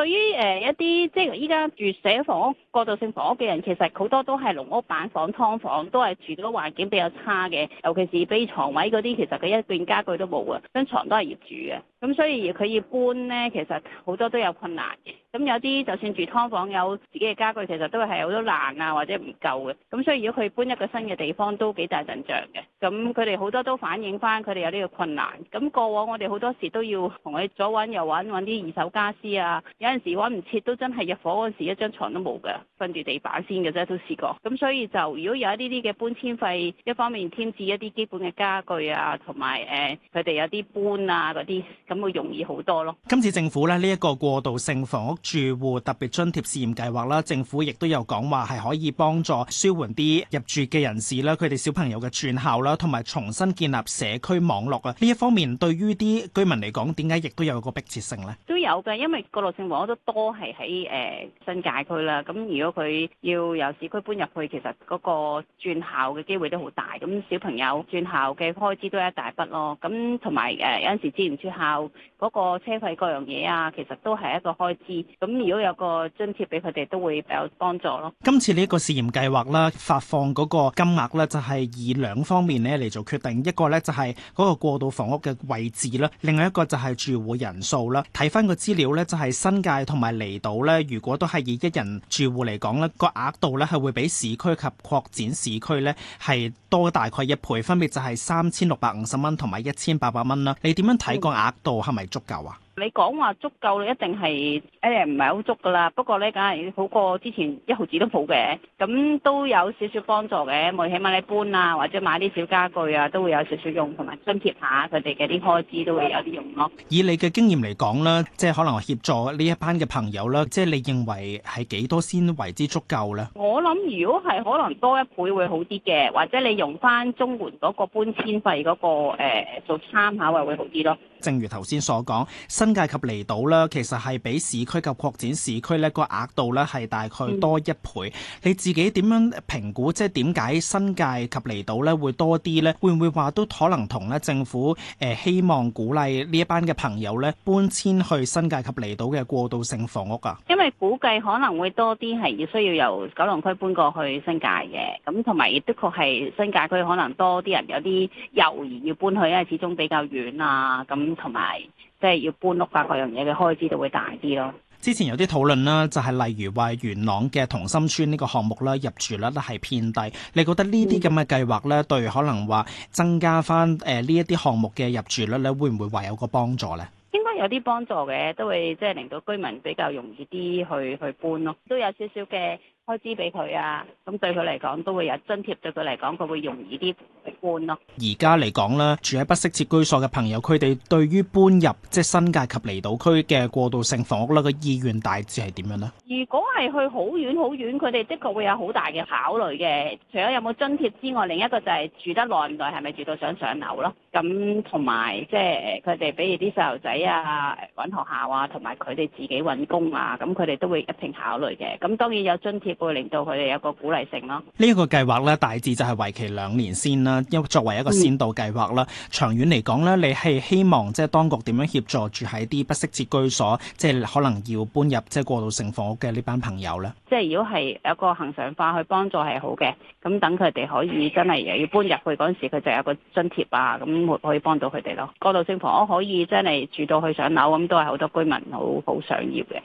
對於誒一啲即係依家住社房屋過渡性房屋嘅人，其實好多都係農屋板房劏房，都係住到環境比較差嘅，尤其是比如床位嗰啲，其實佢一段家具都冇啊，張床都係業主嘅，咁所以佢要搬呢，其實好多都有困難嘅。咁有啲就算住劏房有自己嘅家具，其實都係好多爛啊或者唔夠嘅，咁所以如果佢搬一個新嘅地方都幾大陣仗嘅。咁佢哋好多都反映翻，佢哋有呢個困難。咁過往我哋好多時都要同佢左揾右揾，揾啲二手家私啊。有陣時揾唔切，都真係入伙嗰時一張床都冇㗎，瞓住地板先嘅啫，都試過。咁所以就如果有一啲啲嘅搬遷費，一方面添置一啲基本嘅家具啊，同埋誒佢哋有啲、欸、搬啊嗰啲，咁會容易好多咯。今次政府咧呢一個過渡性房屋住戶特別津貼試驗計劃啦，政府亦都有講話係可以幫助舒緩啲入住嘅人士啦，佢哋小朋友嘅轉校啦。同埋重新建立社區網絡啊。呢一方面對於啲居民嚟講，點解亦都有個迫切性咧？都有嘅，因為個過渡性房屋都多係喺誒新界區啦。咁如果佢要由市區搬入去，其實嗰個轉校嘅機會都好大。咁小朋友轉校嘅開支都一大筆咯。咁同埋誒有陣時支唔出校嗰個車費各樣嘢啊，其實都係一個開支。咁如果有個津貼俾佢哋，都會有幫助咯。今次呢一個試驗計劃啦，發放嗰個金額咧，就係以兩方面嚟做決定，一個呢就係嗰個過渡房屋嘅位置啦，另外一個就係住戶人數啦。睇翻個資料呢，就係新界同埋離島呢，如果都係以一人住戶嚟講呢，個額度呢係會比市區及擴展市區呢係多大概一倍，分別就係三千六百五十蚊同埋一千八百蚊啦。你點樣睇個額度係咪足夠啊？你講話足夠咧，一定係誒唔係好足㗎啦。不過咧，梗係好過之前一毫子都冇嘅，咁都有少少幫助嘅。咪，起碼你搬啊，或者買啲小傢俱啊，都會有少少用，同埋津貼下佢哋嘅啲開支，都會有啲用咯。以你嘅經驗嚟講咧，即係可能我協助呢一班嘅朋友咧，即係你認為係幾多先為之足夠咧？我諗如果係可能多一倍會好啲嘅，或者你用翻中環嗰個搬遷費嗰個誒做參考，會會好啲咯。正如頭先所講，新新界及離島咧，其實係比市區及擴展市區咧，個額度咧係大概多一倍。你自己點樣評估？即係點解新界及離島咧會多啲咧？會唔會話都可能同咧政府誒希望鼓勵呢一班嘅朋友咧搬遷去新界及離島嘅過渡性房屋啊？因為估計可能會多啲係要需要由九龍區搬過去新界嘅，咁同埋亦的確係新界區可能多啲人有啲猶豫要搬去，因為始終比較遠啊，咁同埋。即係要搬屋啊，各樣嘢嘅開支都會大啲咯。之前有啲討論啦，就係、是、例如話元朗嘅同心村呢個項目咧，入住率咧係偏低。你覺得呢啲咁嘅計劃咧，嗯、對可能話增加翻誒呢一啲項目嘅入住率咧，會唔會話有個幫助咧？應該有啲幫助嘅，都會即係令到居民比較容易啲去去搬咯，都有些少少嘅。開支俾佢啊，咁對佢嚟講都會有津貼，對佢嚟講佢會容易啲搬咯、啊。而家嚟講啦，住喺不適切居所嘅朋友，佢哋對於搬入即係新界及離島區嘅過渡性房屋啦嘅、個、意願大致係點樣呢？如果係去好遠好遠，佢哋的確會有好大嘅考慮嘅。除咗有冇津貼之外，另一個就係住得耐唔耐，係咪住到想上樓咯？咁同埋即係佢哋，比如啲細路仔啊揾學校啊，同埋佢哋自己揾工啊，咁佢哋都會一並考慮嘅。咁當然有津貼。會令到佢哋有個鼓勵性咯。呢一個計劃咧，大致就係為期兩年先啦，因作為一個先導計劃啦。嗯、長遠嚟講咧，你係希望即係當局點樣協助住喺啲不適切居所，即係可能要搬入即係過渡性房屋嘅呢班朋友咧？即係如果係有個恆常化去幫助係好嘅，咁等佢哋可以真係要搬入去嗰陣時，佢就有一個津貼啊，咁會可以幫到佢哋咯。過渡性房屋可以真係住到去上樓，咁都係好多居民好好想要嘅。